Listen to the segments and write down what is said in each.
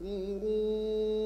تُمْرُونَ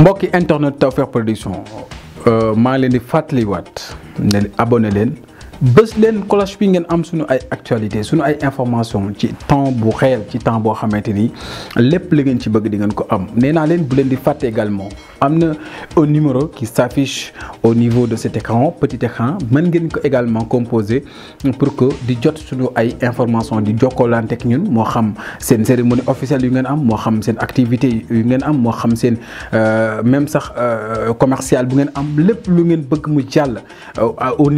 mbokki internet Tawfekh Production euh, maa leen di fàttaliwaat ne abonné leen bés leen cloche bi ngeen am suñu ay actualité suñu ay information ci temps bu réel ci temps boo xamante ni lépp li ngeen ci bëgg di ngeen ko am nee naa leen bu leen di fàtte également am na un numéro qui s'affiche au niveau de cet écran petit écran man ngeen ko également composer pour que di jot suñu ay information di jokkalante ak ñun moo xam seen cérémonie officielle yu ngeen am moo xam seen activité yu ngeen am moo xam seen euh, même sax euh, commercial bu ngeen am lépp lu ngeen bëgg mu jàll euh, au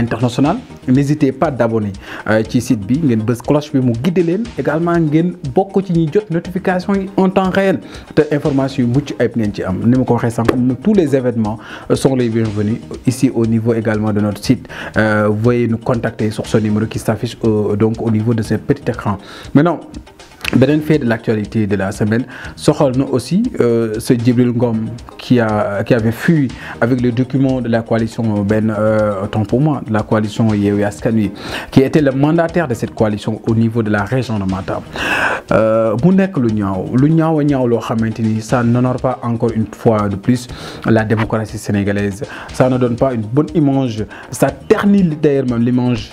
international n'hésitez pas d'abonner euh, ci site bi ngeen bës cloche bi mu guider leen également ngeen bokk ci ñuy jot notification yi en temps réel te information yi mucc ayib ngeen ci am ni ma ko waxee sànq tous les événements euh, sont les bienvenus ici au niveau également de notre site euh, veuillez nous contacter sur ce numéro qui s'affiche donc au niveau de ce petit écran maintenant beneen fait de l'actualité de la semaine soxal na aussi euh, ce Djibril Ngom qui a qui avait fui avec le document de la coalition benn euh, autant pour moi de la coalition Yewwi Askan Wi qui était le mandataire de cette coalition au niveau de la région de mata euh, mu nekk lu ñaaw lu ñaaw a ñaaw loo xamante ni ça n'honore pas encore une fois de plus la démocratie sénégalaise ça ne donne pas une bonne image ça ternit d'ailleurs même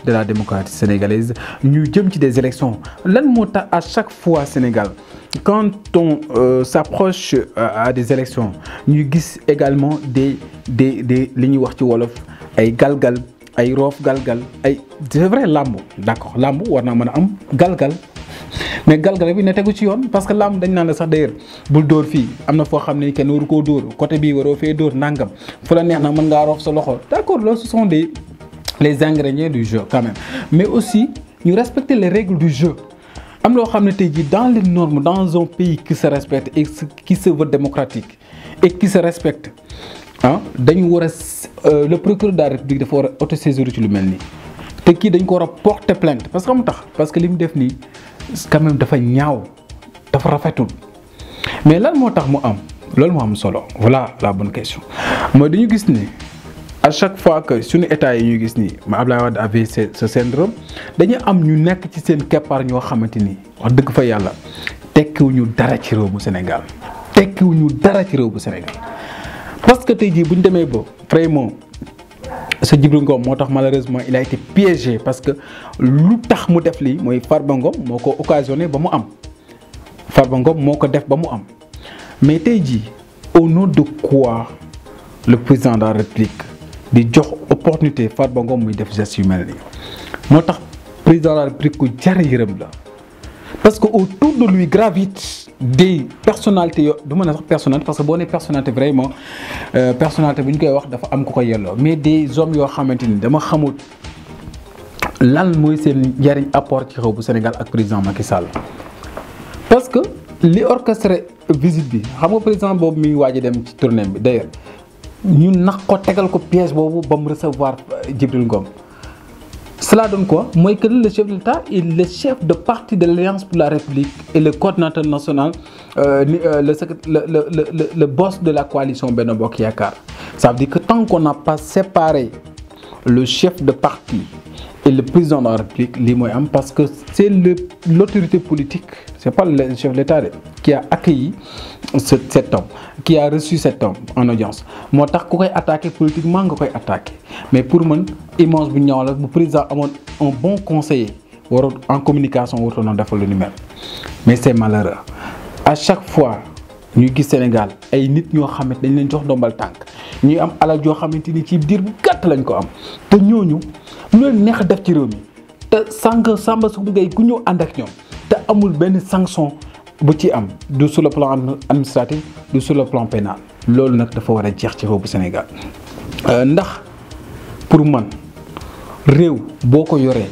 de la démocratie sénégalaise ñu jëm ci des élections fois Sénégal quand on euh, s'approche euh, à des élections ñu gis également de de de li ñuy wax ci wolof ay galgal ay roof galgal ay c'est vrai làmb d'accord làmb war naa mën a am galgal mais galgal bi ne tegu ci yoon parce que làmb dañ naan la sax d'ailleurs bul dóor fii am na foo xam ne kenn waru koo dóor côté bii waroo fee dóor nangam fu la neex na mën ngaa roof sa loxo d'accord loolu ce sont des les ingrédients du jeu quand mais aussi ñu respecter les règles am loo xam ne tey jii dans les normes dans un pays qui se respecte et qui se veut démocratique et qui se respecte ah dañu war a euh, le procureur de la république dafa war a ci lu mel nii te kii dañ ko war a porter plainte parce que mu tax parce que li mu def nii quand même dafa ñaaw dafa rafetul mais lan moo tax mu am loolu moo am solo voilà la bon question mooy dañu gis ni à chaque fois que suñu état yi ñuy gis nii ma Abdoulaye Wade avait seen syndrome dañu am ñu nekk ci seen keppaar ñoo xamante ni wax dëgg fa yàlla tekkiwuñu dara ci bu Sénégal tekkiwuñu dara ci réew bu Sénégal parce que tey jii bu ñu demee ba vraiment sa Djibril Ngom moo tax malheureusement il a été piégé parce que lu tax mu def lii mooy Farba Ngom moo ko occasionné ba mu am Farba Ngom moo ko def ba mu am mais tey jii au nom de quoi le président de la di jox opportunité Farba Ngom muy def geste yu mel nii moo tax président de la République ku jar yërëm la parce que autour de lui gravitent des personnalités yoo du mën a sax personnalité parce que boo ne nee personnalité vraiment euh, personnalité bu ñu koy wax dafa am ku ko yelloo mais des hommes yoo xamante ni dama xamut lan mooy seen njariñ apport ci xew bu Sénégal ak président Macky Sall parce que li orchestré visite bi xam nga président boobu mi ngi waaj a dem ci tournée bi d'ailleurs ñu nax ko tegal ko piège boobu ba mu recevoir euh, Djibril Ngom cela donne quoi mooy que le chef de l'État est le chef de parti de l'Alliance pour la République et le coordinateur national euh, euh le, le, le, le, le boss de la coalition benn Bokk yaakaar ça veut dire que tant qu'on n'a pas séparé le chef de parti et le président de la République lii mooy am parce que c'est le l'autorité politique c'est pas le chef de l'État qui a accueilli cet cet homme qui a reçu cet homme en audience moo tax ku koy attaqué politiquement nga koy attaqué mais pour man image bu ñaaw la bu président amoon un bon conseiller waroon en communication waroon na defal lu ni mel mais c'est malheureux à chaque fois ñu gis Sénégal ay nit ñoo xamante dañ leen jox ndombal tànk ñuy am alal joo xamante ni ci diir bu gàtt lañ ko am te ñooñu lu leen neex def ci réew mi te sànq Samba Sougou Gueye ku ñëw ànd ak ñoom te amul benn sanction bu ci am du sur le plan administratif du sur le plan pénal loolu nag dafa war a jeex ci bu Sénégal euh, ndax pour man réew boo ko yoree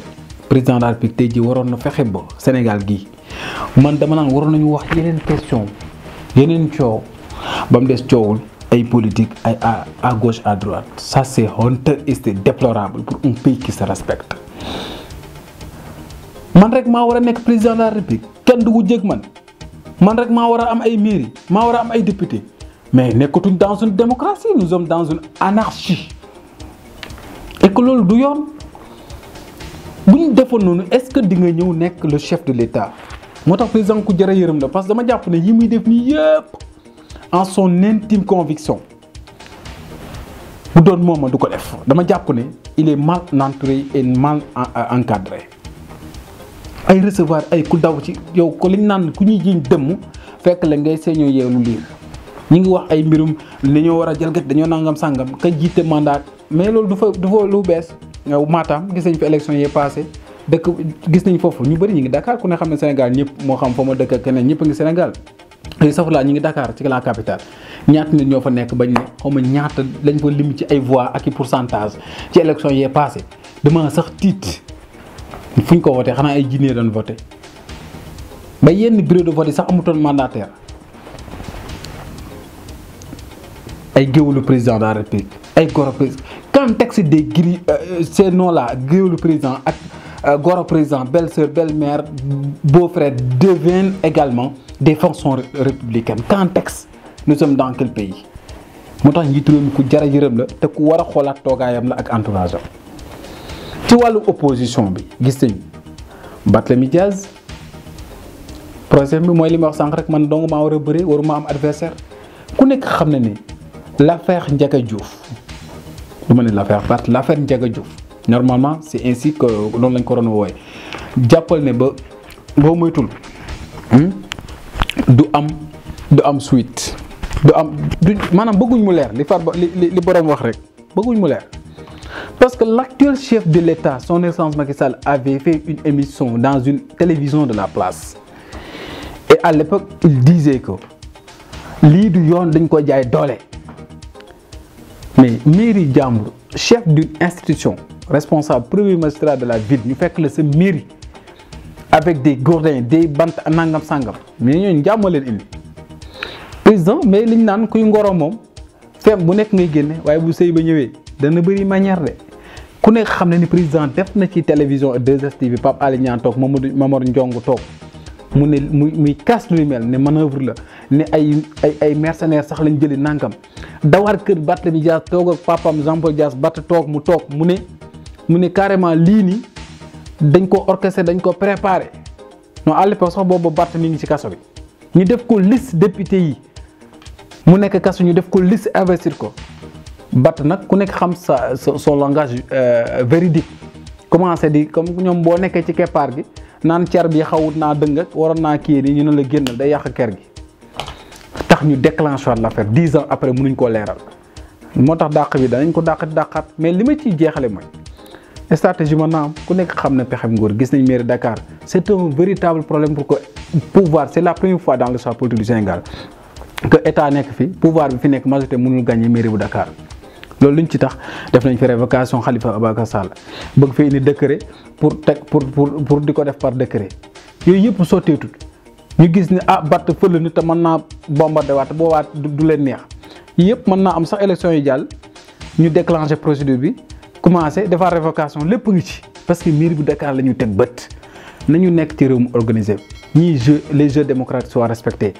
président de la tey ji waroon na fexe ba Sénégal gi man dama naan waroon nañu wax yeneen question yeneen coow ba mu des coowul ay politique ay à à droit à droite ça déplorable pour un pays qui se respecte man rek maa war a nekk président de la République kenn du ko jég man man rek maa war a am ay mairie maa war a am ay député mais nekkatuñ dans une démocratie nous sommes dans une anarchie et loolu du yoon bu ñu defoon noonu est-ce que di nga ñëw nekk le chef de l'État moo tax président ku jërë yërëm la parce que dama jàpp ne yi muy def nii yëpp en son intime conviction bu doon moom du ko def dama jàpp ne il est mal entouré et mal euh, encadré ay recevoir ay ku daw ci yow ko liñ naan ku ñuy jiñ dëmm fekk lañ ngay seeñoo yeewlu liir ñu ngi wax ay mbirum li ñoo war a jalgati dañoo nangam sàngam ka jiite mandat mais loolu du fa du fa lu bees maataam gis nañ fi élection yi passé dëkk gis nañ foofu ñu bëri ñu ngi Dakar ku ne xam ne Sénégal ñëpp moo xam fa ma dëkk ak keneen ñëpp a ngi Sénégal safulaa ñu ngi Dakar ci la capitale ñaata nit ñoo fa nekk bañ ne xaw ma ñaata lañ ko lim ci ay voix ak i pourcentage ci élection yee passé dama sax tiit fu ñu ko wootee xanaa ay jinne doon voté ba yenn bureau de vote yi sax amutoon mandataire ay géwélu président de la république ay goro président contexte des gris euh, euh, ces noms là géwélu président ak euh, goro président belle sœur belle mère beau frère deviennent également des fonctions républicaines contexte nous sommes dans quel pays moo tax njiitu réew ku jara yërëm la te ku war a xoolaat toogaayam la ak entourage ci wàllu opposition bi gis nañu Barthélemy Diaz problème bi mooy li ma wax sànq rek man dong maa war a bëre waruma am adversaire ku nekk xam na ne l'affaire Ndiaga Diouf du ma ne l'affaire Barth l'affaire Ndiaga Diouf normalement c'est ainsi que noonu lañ ko doon wooye jàppal ne ba boo moytul hmm, du am du am suite du am du maanaam bëgguñ mu leer li far li li borom wax rek bëgguñ mu leer. Parce que l'actuel chef de l'État, son Excellence Macky Sall, avait fait une émission dans une télévision de la place. Et à l'époque, il disait que lii du yoon dañ ko jaay doole mais mairie jàmbur chef d'une institution responsable premier magistrat de la ville ñu fekk la sa mairie avec des gourdins des bant nangam sangam mais ñooñu jàmm leen indi président mais liñ naan kuy ngoro moom feem bu nekk ngay génne waaye bu sëy ba ñëwee dana bëri manière de ku nekk xam ne ni président def na ci télévision 2STV Pape Alé Niang toog Mamadou Mamor Ndiongo toog mu ne muy muy casse lu mel ne manœuvre la ne ay ay ay mercenaires sax lañ jëli nangam dawar kër Barthélémy Dias toog ak papam Jean Paul Dias Barth toog mu toog mu ne mu ne carrément lii nii dañ ko orchestré dañ ko préparé non à l'époque sax boobu Barth mi ngi ci kaso bi ñu def ko liste député yi mu nekk kaso ñu def ko liste investir ko batt nag ku nekk xam sa so langage euh, véridique commencé di comme ñoom boo nekkee ci keppaar gi naan cer bi xawut naa dëng ak waroon naa kii nii ñu ne la génnal day yàq ker gi tax ñu déclenché waat l'affaire dix ans après mënuñ koo leeral moo tax dàq bi danañ ko dàqati dàqaat mais li ma ciy jeexale mooy stratégie ma naam ku nekk xam ne pexem nguur gis nañ mairie Dakar c'est un véritable problème pour que pouvoir c'est la première fois dans l'histoire politique du Sénégal que nekk fi pouvoir bi fi nekk majorité mënul gagner mairie loolu ñu ci tax def nañ fi révocation Khalifa Ababacar Sall bëgg fee indi décret pour teg pour pour pour di ko def par décret yooyu yëpp sotteetut ñu gis ne ah batt fële ni te mën naa bombardé waat boowaat du leen neex yëpp mën naa am sax élection yi jàll ñu déclenché procédure bi commencé defar révocation lépp ngi ci parce que miir bu Dakar la ñu teg bët nañu nekk ci réew mu organisé ñii jeu les jeux démocratiques soient respectés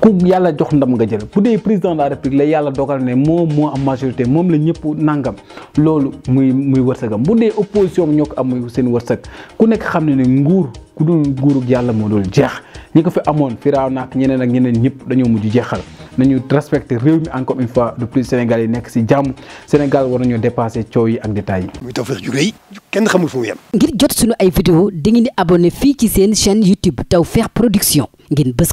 ku yàlla jox ndam nga jël bu dee président de la république la yàlla dogal ne moom moo am majorité moom la ñëpp nangam loolu muy muy wërsëgam bu dee opposition bi ñoo ko am muy seen wërsëg ku nekk xam ne ne nguur ku dul nguurug yàlla moo dul jeex ñi ko fi amoon firaaw naak ñeneen ak ñeneen ñëpp dañoo mujj jeexal nañu respecté réew mi encore une fois de plus Sénégal yi nekk ci jàmm Sénégal war nañoo dépassé coow yi ak détails yi. muy Tawfekh ju rëy kenn xamul fu mu yem. ngir jot ay vidéo dangeen di abonné fii ci seen chaîne YouTube Tawfekh Production ngeen bës